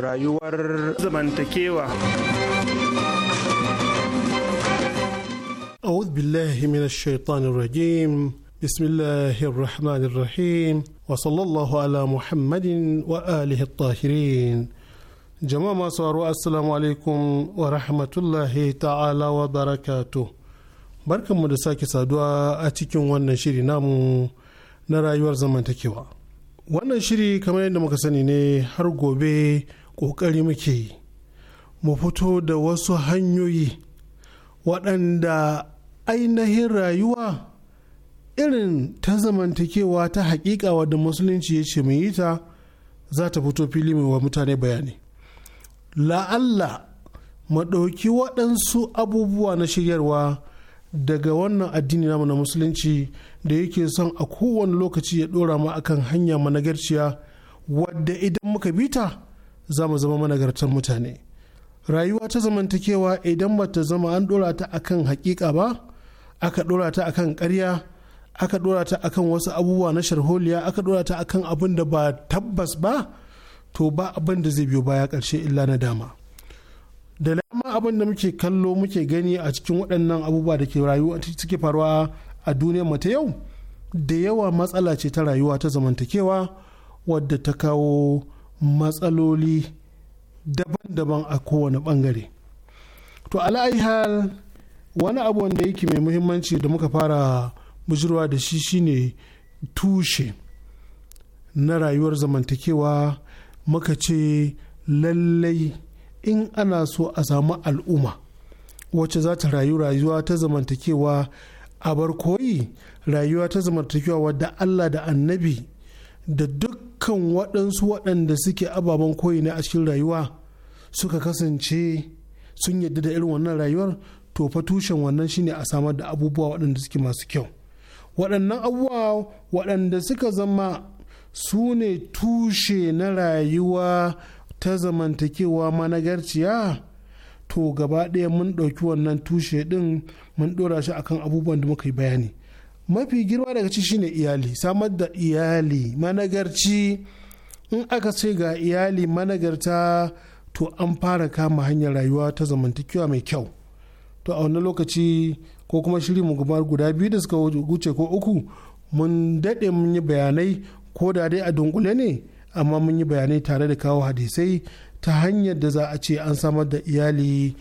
rayuwar zamantakewa أعوذ بالله من الشيطان الرجيم بسم الله الرحمن الرحيم وصلى الله على محمد وآله الطاهرين jama'a masu waro assalamu alaikum wa rahmatullahi wa barakatu barkanmu da sake saduwa a cikin wannan shiri namu na rayuwar zamantakewa wannan shiri kamar yadda muka sani ne har gobe ƙoƙari muke yi mu fito da wasu hanyoyi waɗanda ainihin rayuwa irin ta zamantakewa ta haƙiƙa wadda musulunci ya ce yi ta za ta fito fili mai wa mutane bayani la'alla mu ɗauki waɗansu abubuwa na shiryarwa daga wannan addini namu na musulunci da yake son a kowane lokaci ya ɗora mu akan hanya managarciya wadda idan muka bita. za mu zama managartar mutane rayuwa ta zamantakewa idan ba zama an dora ta akan hakika ba aka dora ta akan karya aka dora ta akan wasu abubuwa na sharholiya aka dora ta akan abin da ba tabbas ba to ba abin da zai biyo baya karshe illa na dama da lama abin da muke kallo muke gani a cikin waɗannan abubuwa da ke rayuwa suke faruwa a duniyar mu yau da yawa matsala ce ta rayuwa ta zamantakewa wadda ta kawo matsaloli daban-daban a kowane bangare to hal wani abu wanda yake mai muhimmanci da muka fara bujirwa da shi shine tushe na rayuwar zamantakewa muka ce lallai in ana so a samu al'umma wacce za ta rayu rayuwa ta zamantakewa a bar koyi rayuwa ta zamantakewa wadda allah da annabi da duk dukkan waɗansu waɗanda suke ababen koyi na a cikin rayuwa suka kasance sun yadda da irin wannan rayuwar to fa tushen wannan shine a samar da abubuwa waɗanda suke masu kyau waɗannan abubuwa waɗanda suka zama su ne tushe na rayuwa ta zamantakewa managarciya to gaba ɗaya mun ɗauki wannan tushe ɗin mun ɗora shi akan abubuwan da muka yi bayani mafi girma daga ci shine iyali samar da iyali managarci in aka ce ga iyali managarta to an fara kama hanyar rayuwa ta zamantakewa mai kyau to a wani lokaci ko kuma shiri mu guda biyu da suka wuce ko uku mun daɗe mun yi bayanai ko da dai a dunkule ne amma mun yi bayanai tare da kawo hadisai ta hanyar da za a ce an samar da iyali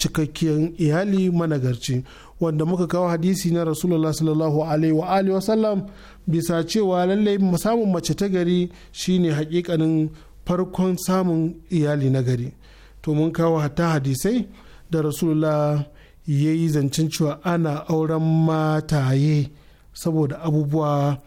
cikakkiyar iyali managarci wanda muka kawo hadisi na rasulullah sallallahu alaihi wa alihi wasallam bisa cewa lallai samun mace ta gari shine hakikanin farkon samun iyali na gari to mun kawo hatta hadisai da rasulullah ya yi zancen cewa ana auren mataye saboda abubuwa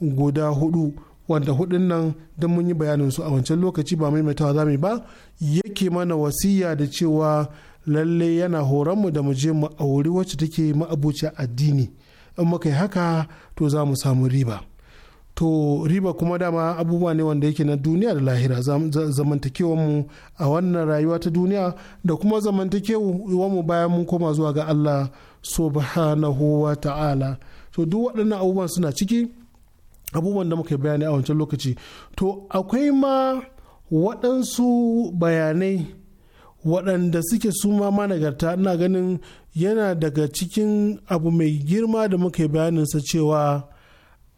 guda hudu wanda hudun nan don mun yi bayanin su a wancan lokaci ba maimaitawa za mu ba yake mana wasiya da cewa lalle yana horon mu da mu je mu auri wacce take ma'abuciya addini in muka yi haka to za mu samu riba to riba kuma dama abubuwa ne wanda yake na duniya da lahira mu a wannan rayuwa ta duniya da kuma mu bayan mun koma zuwa ga Allah subhanahu wa ta'ala to duk waɗannan abubuwan suna ciki abubuwan da muka bayani a wancan lokaci to akwai ma waɗansu bayanai waɗanda suke suma ma nagarta ina ganin yana daga cikin abu mai girma da muka yi sa cewa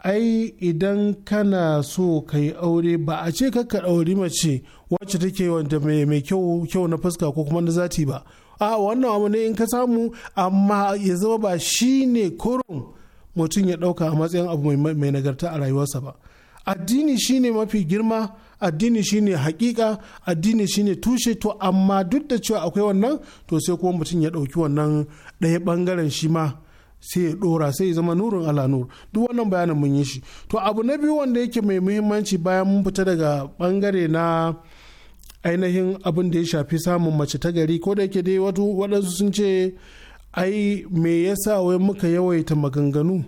ai idan kana so ka yi aure ba a ce kakka ɗauri mace wacce take wanda mai kyau kyau na fuska ko kuma na zati ba a wannan abu ne in ka samu amma ya zama ba shi ne kurun mutum ya ɗauka a matsayin abu mai nagarta a rayuwarsa ba addini shine mafi girma addini shine hakika addini shine tushe to amma duk da cewa akwai wannan to sai kuma mutum ya ɗauki wannan ɗaya bangaren shi ma sai ya ɗora sai ya zama nurin ala nur duk wannan bayanin mun yi shi to abu na biyu wanda yake mai muhimmanci bayan mun fita daga bangare na ainihin abin da ya shafi samun mace ta gari ko da yake dai waɗansu sun ce ai me yasa wai muka yawaita maganganu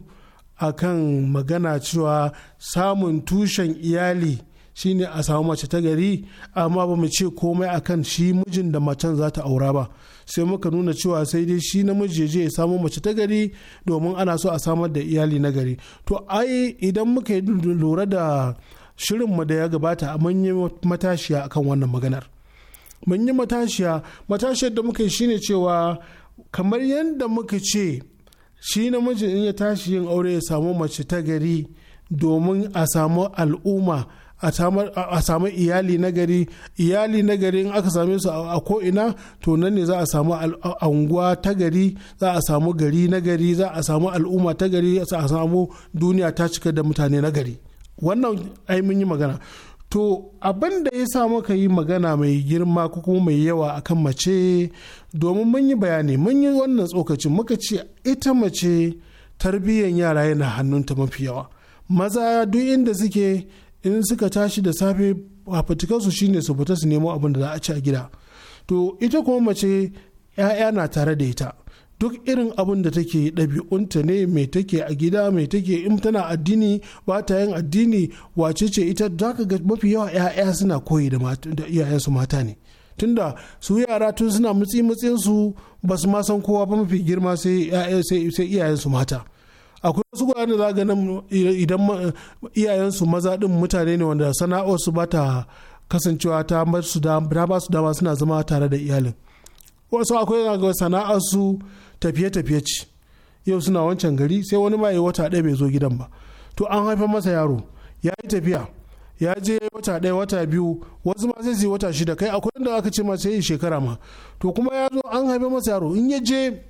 akan magana cewa samun tushen iyali shine a samu mace ta gari amma ba mu ce komai akan shi mijin da macen za ta aura ba sai muka nuna cewa sai dai shi namiji je ya samu mace ta gari domin ana so a samar da iyali na gari to ai idan muka yi lura da shirinmu da ya gabata a yi matashiya akan wannan maganar mun yi matashiya matashiyar da muka yi shine cewa kamar yadda muka ce shi namiji in ya tashi yin aure ya samu mace ta gari domin a samu al'umma a samu iyali nagari iyali nagari in aka same su a ko'ina to nan ne za a samu anguwa ta gari za a samu gari nagari za a samu al'umma ta gari za a samu duniya ta cika da mutane nagari wannan ai mun yi magana to abin da ya sa muka yi magana mai girma ko kuma mai yawa akan mace domin mun yi bayani mun yi wannan tsokacin muka ce ita mace tarbiyyar yara yana hannunta mafi yawa maza duk inda suke in suka tashi da safe su shine su fita su nemo abin da za a ci a gida to ita kuma mace 'ya'ya na tare da ita duk irin abin da take ɗabi'unta ne mai take a gida mai take in tana addini ba ta yin addini wace ce ita za ga mafi yawa 'ya'ya suna koyi da iyayensu mata ne tunda su yara tun suna mutsi mutsin su ba su ma san kowa ba mafi girma sai iyayensu mata akwai wasu gurare za ga nan idan iyayensu maza din mutane ne wanda sana'arsu ba ta kasancewa ta ba su dama suna zama tare da iyalin wasu akwai ga sana'arsu tafiye-tafiye ce yau suna wancan gari sai wani mai wata ɗaya bai zo gidan ba to an haifar masa yaro ya yi tafiya ya je wata ɗaya wata biyu wasu ma sai su yi wata shida kai akwai inda aka ce ma sai shekara ma to kuma ya zo an haife masa yaro in ya je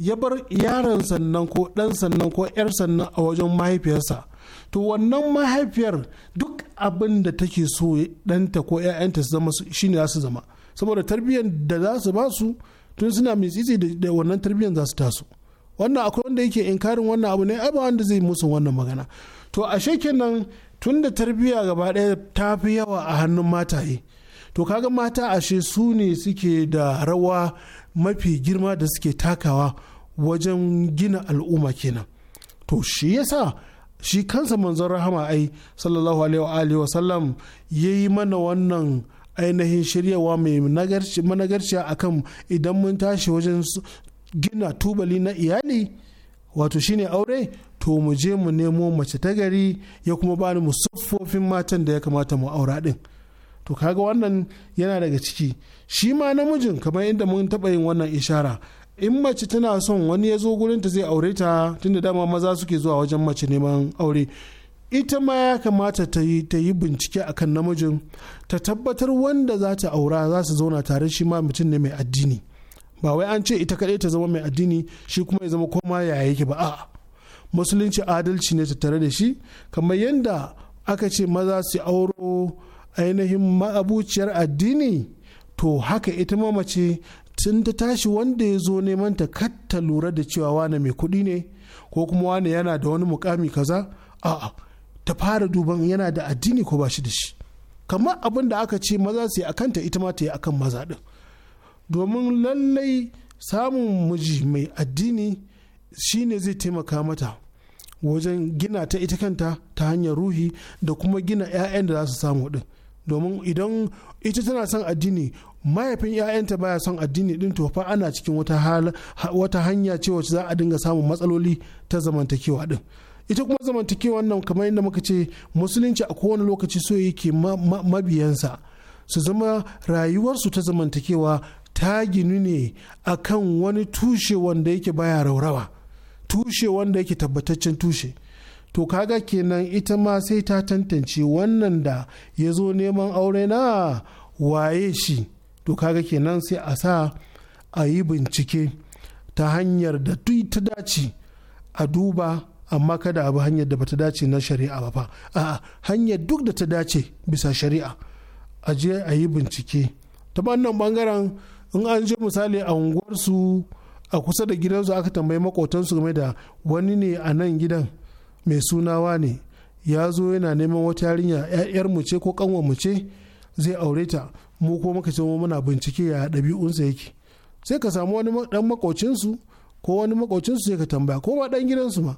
ya bar yaron sannan ko ɗan sannan ko 'yar sannan a wajen mahaifiyarsa to wannan mahaifiyar duk abin da take so ɗanta ko 'ya'yanta su zama shine za su zama saboda tarbiyyar da za su ba su tun suna mitsitsi da wannan tarbiyyar za su taso wannan akwai wanda yake inkarin wannan abu ne ai ba wanda zai musu wannan magana to a shekin nan tun da tarbiyya gaba ɗaya ta fi yawa a hannun mataye to kaga mata ashe su ne suke da rawa mafi girma da suke takawa wajen gina al'umma kenan to shi yasa shi kansa manzon rahama ai sallallahu alaihi wa sallam yayi mana wannan ainihin shiryawa mai managarciya akan idan mun tashi wajen gina tubali na iyali wato shine aure to mu je mu nemo mace ta gari ya kuma bani mu siffofin matan da ya kamata mu aura din to kaga wannan yana daga ciki shi ma namijin kamar inda mun taɓa yin wannan ishara in mace tana son wani ya zo ta zai aure ta tunda dama maza suke zuwa wajen mace neman aure ita ma ya kamata ta yi ta yi bincike akan namijin ta tabbatar wanda za ta aura za su zauna tare shi ma mutum ne mai addini ba wai an ce ita kaɗai ta zama mai addini shi kuma ya zama koma ya yake ba a'a musulunci adalci ne ta tare da shi kamar yadda aka ce maza su auro ainihin ma'abuciyar addini to haka ita ma mace tun ta tashi wanda ya zo neman ta katta lura da cewa wane mai kuɗi ne ko kuma wane yana da wani mukami kaza a'a ta fara duban yana da addini ko ba shi da shi kamar abin da aka ce maza su yi a kanta ita ma ta yi akan maza ɗin domin lallai samun miji mai addini shine zai taimaka mata wajen gina ta ita kanta ta hanyar ruhi da kuma gina 'ya'yan da za su samu ɗin domin idan ita tana son addini mahaifin 'ya'yanta baya son addini din to fa ana cikin wata hanya ce wacce za a dinga samun matsaloli ta zamantakewa din ita kuma zamantakewa nan kamar yadda muka ce musulunci a kowane lokaci so yake mabiyansa su zama rayuwarsu ta zamantakewa ta ginu ne akan wani tushe wanda yake baya raurawa tushe wanda yake tabbataccen tushe to kaga kenan ita ma sai ta tantance wannan da ya zo neman aure na waye shi to kaga kenan sai a sa a yi bincike ta hanyar da ta dace a duba amma kada abu hanyar da bata dace na shari'a ba fa a hanyar duk da ta dace bisa shari'a a je a yi bincike ta wannan bangaren in an je misali a unguwarsu a kusa da gidansu aka tambayi makotansu game da wani ne a nan gidan mai sunawa ne ya zo yana neman wata yarinya ‘ya'yar mu ce ko kanwar mu ce zai aure ta mu ko muka ce muna bincike ya ɗabi'unsa yake sai ka samu wani dan makocinsu ko wani makocinsu sai ka tambaya ko ma dan gidansu ma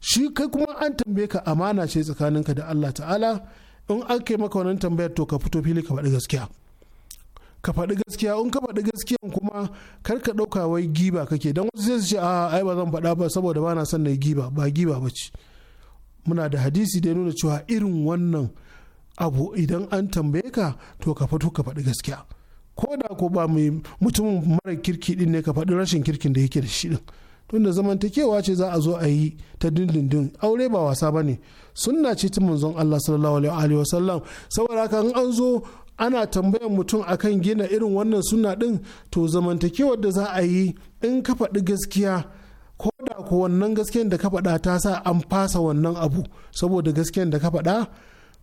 shi kai kuma an tambaye ka amana ce tsakaninka da Allah ta'ala in an kai maka wannan tambayar to ka fito fili ka faɗi gaskiya ka faɗi gaskiya in ka faɗi gaskiyan kuma kar ka ɗauka wai giba kake don wasu zai su ce a ai ba zan faɗa ba saboda ba na son na yi giba ba giba ba ce muna da hadisi da ya nuna cewa irin wannan abu idan an tambaye ka to ka fito ka faɗi gaskiya ko da ko ba mai mutumin mara kirki din ne ka faɗi rashin kirkin da yake da shi din tunda zamantakewa ce za a zo a yi ta dindindin aure ba wasa ba ne sunna ce ta manzon Allah sallallahu alaihi wa sallam saboda haka in an zo ana tambayan mutum akan gina irin wannan suna ɗin to zamantakewar da za a yi in ka faɗi gaskiya ko da ko wannan gaskiyar da ka faɗa ta sa an fasa wannan abu saboda gaskiyar da ka faɗa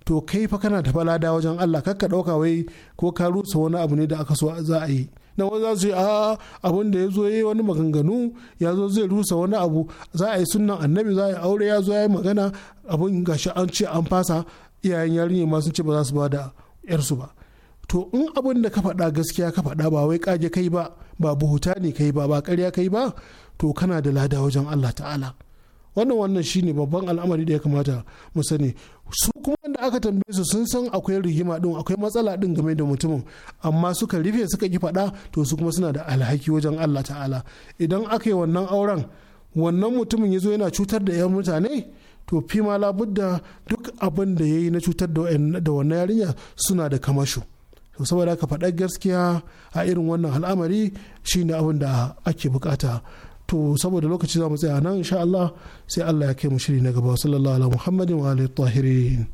to kai fa kana ta falada wajen Allah kakka ɗauka wai ko ka rusa wani abu ne da aka so za a yi na wani za su yi a abin da ya zo yi wani maganganu ya zo zai rusa wani abu za a yi sunan annabi za a yi aure ya zo ya yi magana abin gashi an ce an fasa iyayen yarinya ma sun ce ba za su ba da yarsu ba to in abin da ka faɗa gaskiya ka faɗa ba wai ƙage kai ba ba buhuta ne kai ba ba ƙarya kai ba to kana da lada wajen Allah ta'ala wannan wannan shine babban al'amari da ya kamata mu sani su kuma wanda aka tambaye su sun san akwai rigima din akwai matsala din game da mutumin amma suka rufe suka ki faɗa to su kuma suna da alhaki wajen Allah ta'ala idan aka yi wannan auren wannan mutumin ya zo yana cutar da 'yan mutane to fi ma labudda duk abin da ya yi na cutar da wannan yarinya suna da kamashu to saboda haka faɗa gaskiya a irin wannan al'amari shine abin da ake bukata to saboda lokaci za mu tsaya nan insha Allah sai Allah ya kai mu shiri na gaba sallallahu alaihi Muhammadin wa alihi tahirin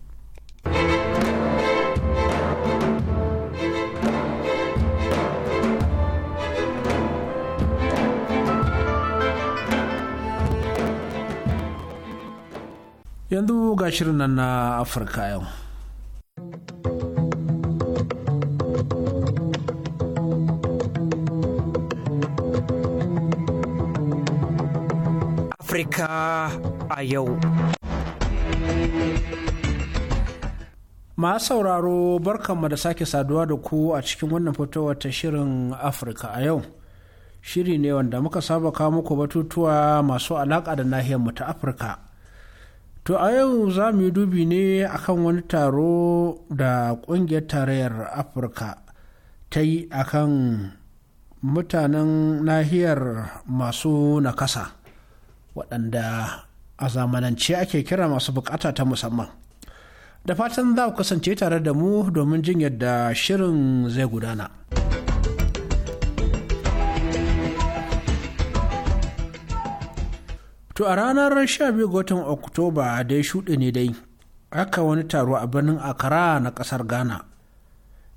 yanzu ga shirin nan na Afirka yau Afirka a yau. Masu sauraro barkanmu da sake saduwa da ku a cikin wannan fitowa ta shirin Afirka a yau. Shiri ne wanda muka saba kawo muku batutuwa masu alaƙa da nahiyarmu ta Afirka. To a yau za mu yi dubi ne akan wani taro da ƙungiyar tarayyar Afirka ta yi akan mutanen nahiyar masu nakasa. waɗanda a zamanance ake kira masu bukata ta musamman da fatan za ku kasance tare da mu domin jin yadda shirin zai gudana to a ranar 12 ga watan oktoba da ya shuɗe ne dai aka wani taro a birnin akara na ƙasar ghana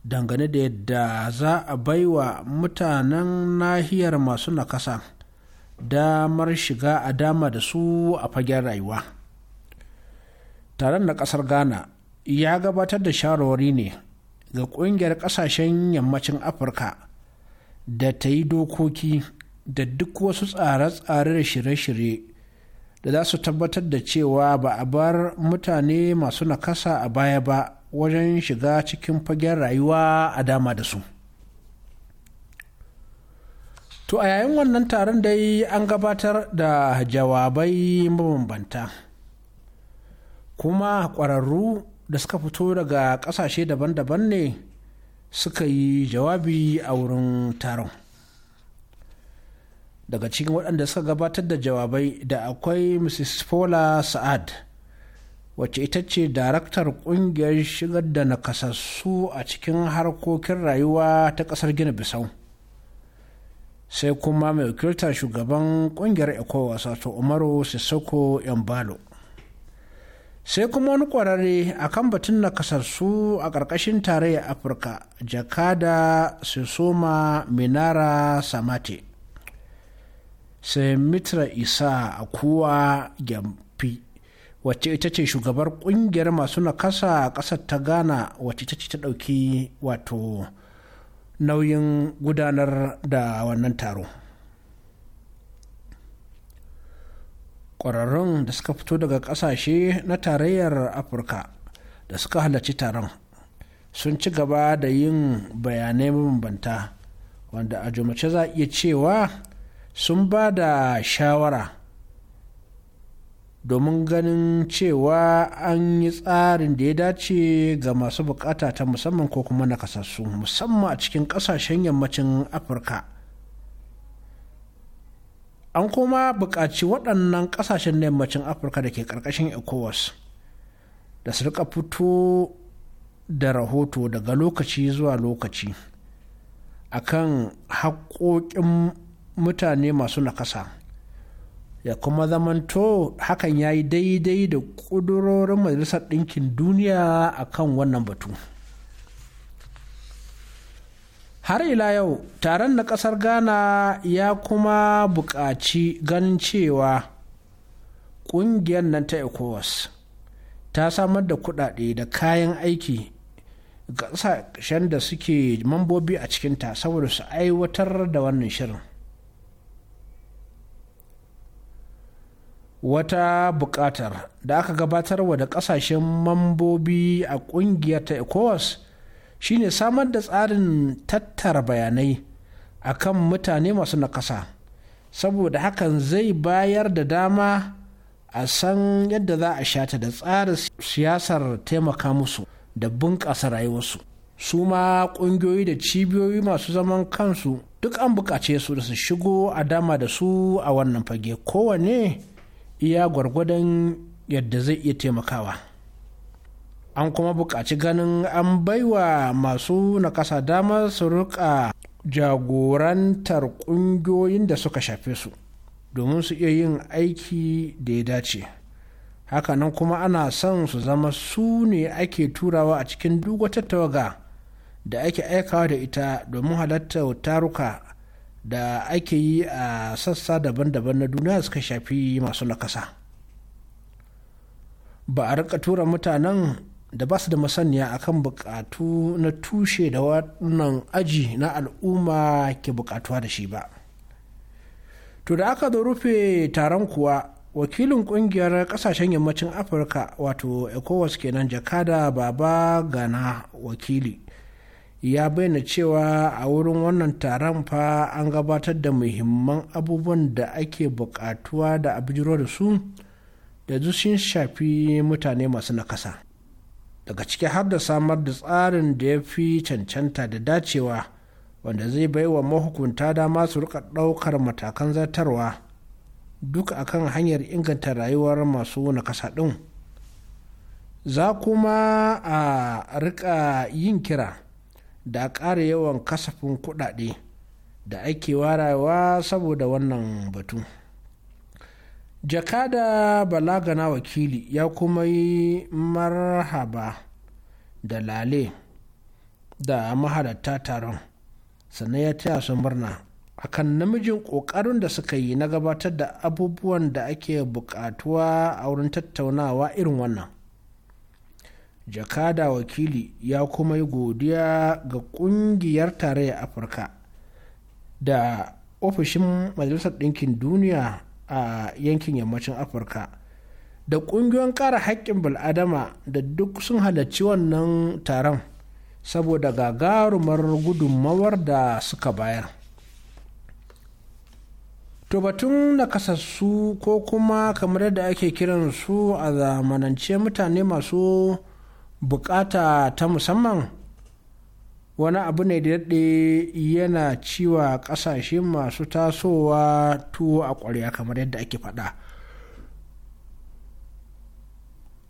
dangane da yadda za a baiwa mutanen nahiyar masu nakasa damar shiga a dama da su a fagen rayuwa taron na kasar ghana ya gabatar da shawarwari ne ga kungiyar kasashen yammacin afirka da ta yi dokoki da duk wasu tsare-tsare da shirye-shirye da za su tabbatar da cewa ba a bar mutane masu nakasa a baya ba wajen shiga cikin fagen rayuwa a dama da su. to a yayin wannan taron dai an gabatar da jawabai mabambanta kuma ƙwararru da suka fito daga ƙasashe daban-daban ne suka yi jawabi a wurin taron daga cikin waɗanda suka gabatar da jawabai da akwai mrs paula sa'ad wacce ita ce daraktar kungiyar shigar da nakasassu a cikin harkokin rayuwa ta kasar gina bisau sai kuma mai wakilta shugaban kungiyar ecowas wato umaru sissoko balo. sai kuma wani kwararre a kan batun na kasarsu a ƙarƙashin tarayyar afirka jakada sisoma minara samate sai mitra isa akuwa gyamfi wacce ita ce shugabar kungiyar masu nakasa a ƙasar ta ghana wacce ita ce ta ɗauki wato nauyin gudanar da wannan taro ƙwararrun da suka fito daga ƙasashe na tarayyar afirka da suka halarci taron sun ci gaba da yin bayanai mabambanta wanda a jumace za a iya cewa sun ba da shawara domin ganin cewa an yi tsarin da ya dace ga masu bukata ta musamman ko kuma nakasassu musamman a cikin kasashen yammacin afirka an kuma buƙaci waɗannan ƙasashen na yammacin afirka da ke ƙarƙashin ecowas da su rika fito da rahoto daga lokaci zuwa lokaci akan haƙoƙin mutane masu nakasa ya kuma zamanto hakan ya yi daidai da ƙudurorin majalisar ɗinkin duniya a kan wannan batu har ila yau taron na ƙasar ghana ya kuma buƙaci ganin cewa ƙungiyar nan ta ecowas ta samar da kuɗaɗe da kayan aiki ga ƙasashen da suke mambobi a cikinta saboda su aiwatar da wannan shirin wata buƙatar da aka gabatar wa da ƙasashen mambobi a ƙungiyar ta ecowas shine samar da tsarin tattara bayanai a kan mutane masu nakasa saboda hakan zai bayar da dama a san yadda za a shata da tsarin siyasar taimaka musu da bunƙasa rayuwarsu su ma ƙungiyoyi da cibiyoyi masu zaman kansu duk an buƙace su da su shigo a dama da su a wannan fage kowane iya gwargwadon yadda zai iya taimakawa an kuma buƙaci ganin an baiwa masu na ƙasa damar su rika jagorantar ƙungiyoyin da suka shafe su domin su iya yin aiki da ya dace hakanan kuma ana son su zama su ne ake turawa a cikin duk wata tawaga da ake aikawa da ita domin halatta taruka da ake yi a sassa daban-daban na duniya suka shafi masu nakasa ba a rika tura mutanen da ba su da masaniya a kan bukatu na tushe da wannan aji na al'umma ke bukatuwa da shi ba to da aka zo rufe taron kuwa wakilin kungiyar kasashen yammacin afirka wato ecowas kenan jakada baba gana wakili ya bayyana cewa a wurin wannan taron fa an gabatar da muhimman abubuwan da ake bukatuwa da abijiro da su da sun shafi mutane masu nakasa daga ciki har da samar da tsarin da ya fi cancanta da dacewa wanda zai bai wa mahukunta dama su rika ɗaukar matakan zartarwa duk akan hanyar inganta rayuwar masu nakasa ɗin za kuma a rika yin kira da ƙara yawan kasafin kuɗaɗe da ake warawa saboda wannan batu jakada balagana wakili ya kuma yi marhaba da lale da mahalatta taron sannan ya taya su murna akan namijin ƙoƙarin da suka yi na gabatar da abubuwan da ake buƙatuwa a wurin tattaunawa irin wannan jakada wakili ya kuma yi godiya ga kungiyar tarayyar afirka da ofishin majalisar ɗinkin duniya a yankin yammacin afirka da ƙungiyoyin ƙara haƙƙin bil'adama da duk sun halarci wannan taron saboda gagarumar gudunmawar da suka bayar to batun nakasassu ko kuma kamar yadda ake kiransu a zamanance mutane masu bukata ta musamman wani abu ne da daɗe yana ciwa ƙasashe masu tasowa tuwo a ƙwarya kamar yadda ake faɗa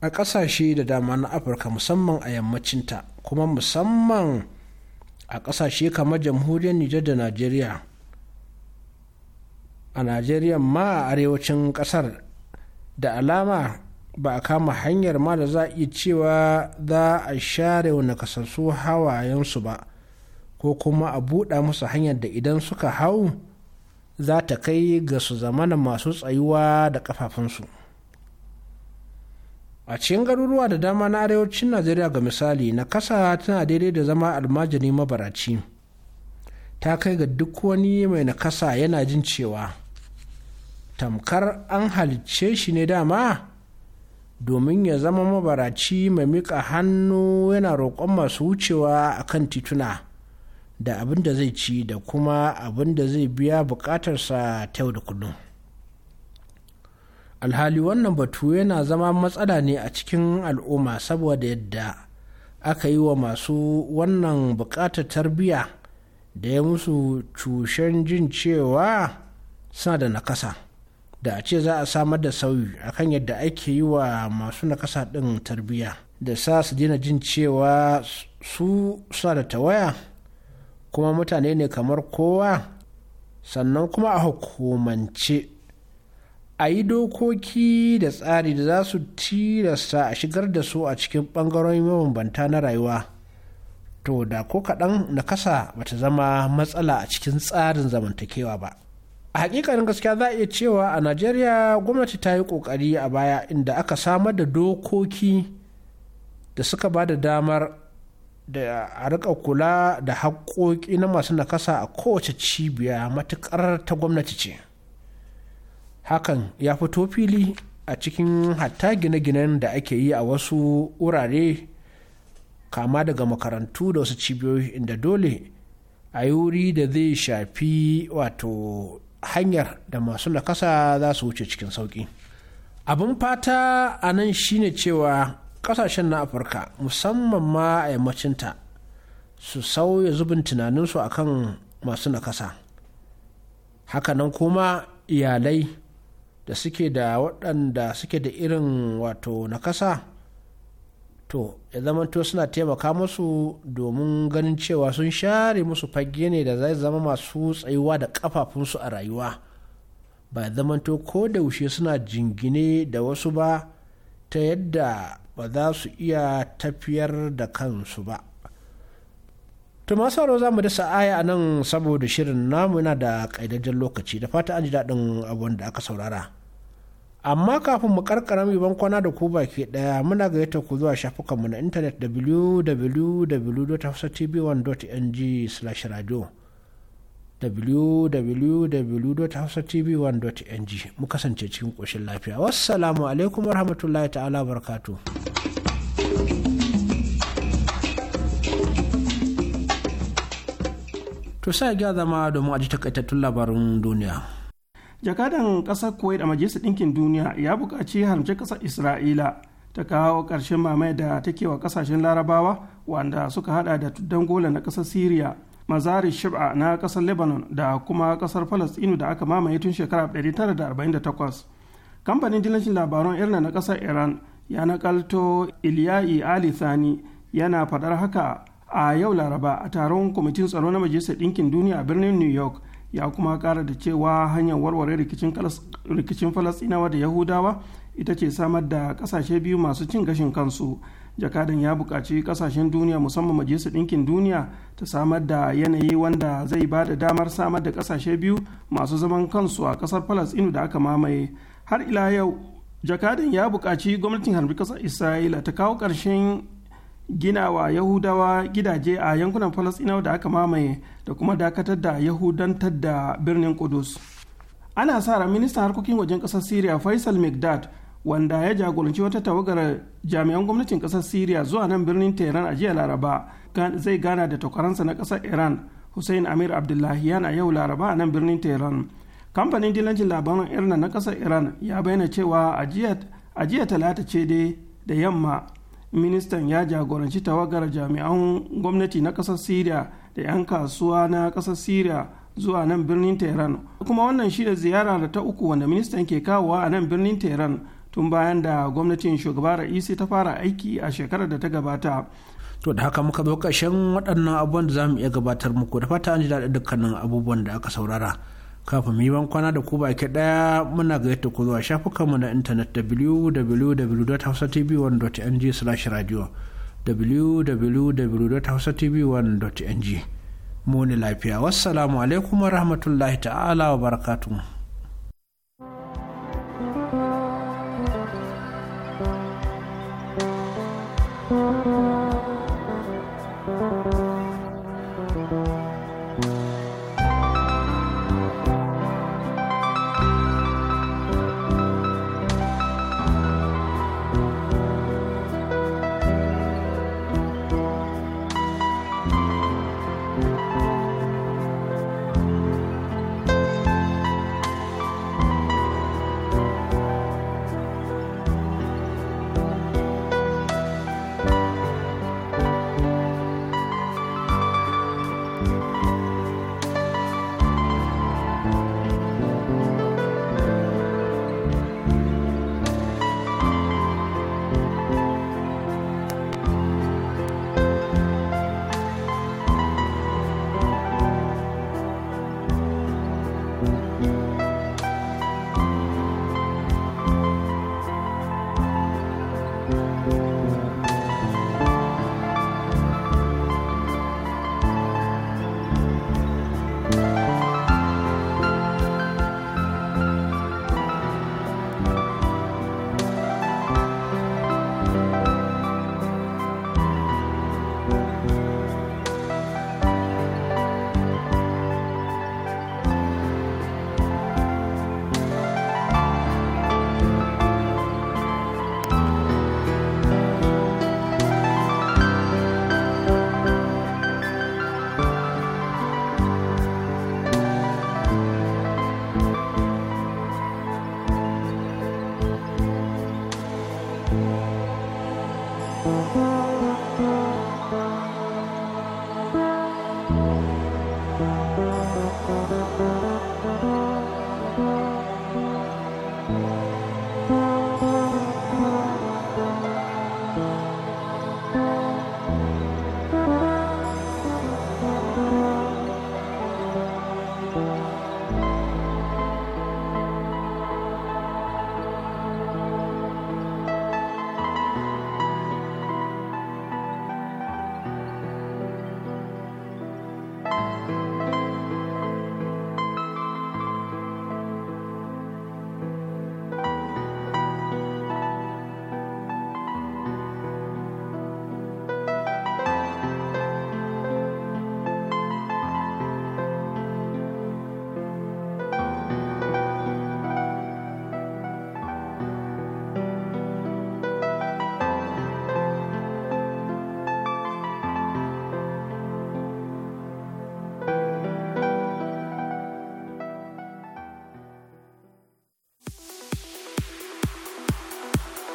a ƙasashe da dama na afirka musamman a yammacinta kuma musamman a ƙasashe kamar jamhuriyar nijar da najeriya a najeriya ma a arewacin ƙasar da alama ba a kama hanyar ma da za a iya cewa za a share wa nakasassu hawayensu ba ko kuma a buɗa musu hanyar da idan suka hau za ta kai ga su zamana masu tsayuwa da ƙafafunsu a cikin garuruwa da dama na arewacin najeriya ga misali na kasa tana daidai da zama almajiri mabaraci ta kai ga duk wani mai nakasa yana jin cewa tamkar an halicce shi ne dama domin ya zama mabaraci mai miƙa hannu yana roƙon masu wucewa a kan tituna da abin da zai ci da kuma abin da zai biya buƙatarsa ta yau da kullum alhali wannan batu yana zama matsala ne a cikin al'umma saboda yadda aka yi wa masu wannan buƙatar tarbiyya da ya musu cushen jin cewa suna da nakasa. da a ce za a samar da sauyi akan yadda ake yi wa masu nakasa ɗin tarbiyya da sa su daina jin cewa su suna da tawaya kuma mutane ne kamar kowa sannan kuma a hukumance a yi dokoki da tsari da za su tilasta a shigar da su a cikin ɓangarori mabambanta na rayuwa to da ko kaɗan na kasa bata zama matsala a cikin tsarin zamantakewa ba. a hakikanin gaskiya za a iya cewa a najeriya gwamnati ta yi kokari a baya inda aka samar da dokoki da suka ba da damar da a rika kula da haƙoƙi na masu nakasa a kowace cibiya matuƙar ta gwamnati ce hakan ya fito fili a cikin hatta gine-ginen da ake yi a wasu wurare kama daga makarantu da wasu cibiyoyi inda dole a yi wuri da zai shafi wato hanyar da masu nakasa za su wuce cikin sauƙi abin fata a nan shine cewa ƙasashen na afirka musamman ma a yammacinta su sauya zubin tunaninsu akan masu nakasa hakanan kuma iyalai da suke da waɗanda suke da irin wato nakasa to ya zamanto suna taimaka musu domin ganin cewa sun share musu fage ne da zai zama masu tsayuwa da kafafunsu a rayuwa ba ya zamanto ko da ushe suna jingine da wasu ba ta yadda ba za su iya tafiyar da kansu ba to masu za mu da aya a nan saboda shirin namu yana da ƙaidajen lokaci da fata an ji daɗin abuwan da aka saurara amma kafin mu karkara mai bankwana da ku baki daya muna gayyata ku zuwa shafukanmu na intanet www.hafsatv1.ng slash radio www.hafsatv1.ng mu kasance cikin koshin lafiya wassalamu alaikum warahmatullahi ta'ala barkatu. to sai gya zama domin a ji takaitattun labarun duniya jakadan ƙasar kuwait a majalisar ɗinkin duniya ya buƙaci haramce ƙasar isra'ila ta kawo ƙarshen mamaye da take wa ƙasashen larabawa wanda suka hada da tuddan na ƙasar syria mazari shib'a na ƙasar lebanon da kuma ƙasar falastinu da aka mamaye tun shekara 1948 kamfanin dilancin labaran irna na ƙasar iran ya nakalto iliyayi ali thani yana faɗar haka a yau laraba a taron kwamitin tsaro na majalisar ɗinkin duniya a birnin new york ya kuma kara da cewa hanyar warware rikicin falasinawa da yahudawa ita ce samar da kasashe biyu masu cin gashin kansu jakadan ya buƙaci kasashen duniya musamman majalisar ɗinkin duniya ta samar da yanayi wanda zai ba da damar samar da kasashe biyu masu zaman kansu a ƙasar falasinu da aka mamaye har ila yau jakadan ya buƙaci gwamnatin harbi ƙasar isra'ila ta kawo ƙarshen gina wa yahudawa gidaje a yankunan falasinawa da aka mamaye da kuma dakatar da yahudantar da birnin kudus ana sa ran ministan harkokin wajen kasar syria faisal mcdad wanda ya jagoranci wata tawagar jami'an gwamnatin kasar syria zuwa nan birnin tehran a jiya laraba zai gana da takwaransa na kasar iran hussein amir abdullahiyan a yau laraba a nan birnin tehran kamfanin dilancin labaran irna na kasar iran ya bayyana cewa a jiya talata ce dai da yamma ministan ya jagoranci tawagar jami'an gwamnati na ƙasar syria da 'yan kasuwa na ƙasar syria zuwa nan birnin tehran kuma wannan shi da ziyara da ta uku wanda ministan ke kawowa a nan birnin tehran tun bayan da gwamnatin shugaba ra'isi ta fara aiki a shekarar da ta gabata to da haka muka zo ƙarshen waɗannan abubuwan da za mu iya gabatar muku da fata an ji daɗin dukkanin abubuwan da aka saurara kafin mu yi bankwana da ku baki daya muna gayyata ku zuwa shafukanmu na intanet www.hausatv1.ng slash radio www.hausatv1.ng mu ne lafiya wassalamu alaikum wa rahmatullahi ta'ala wa barakatuhu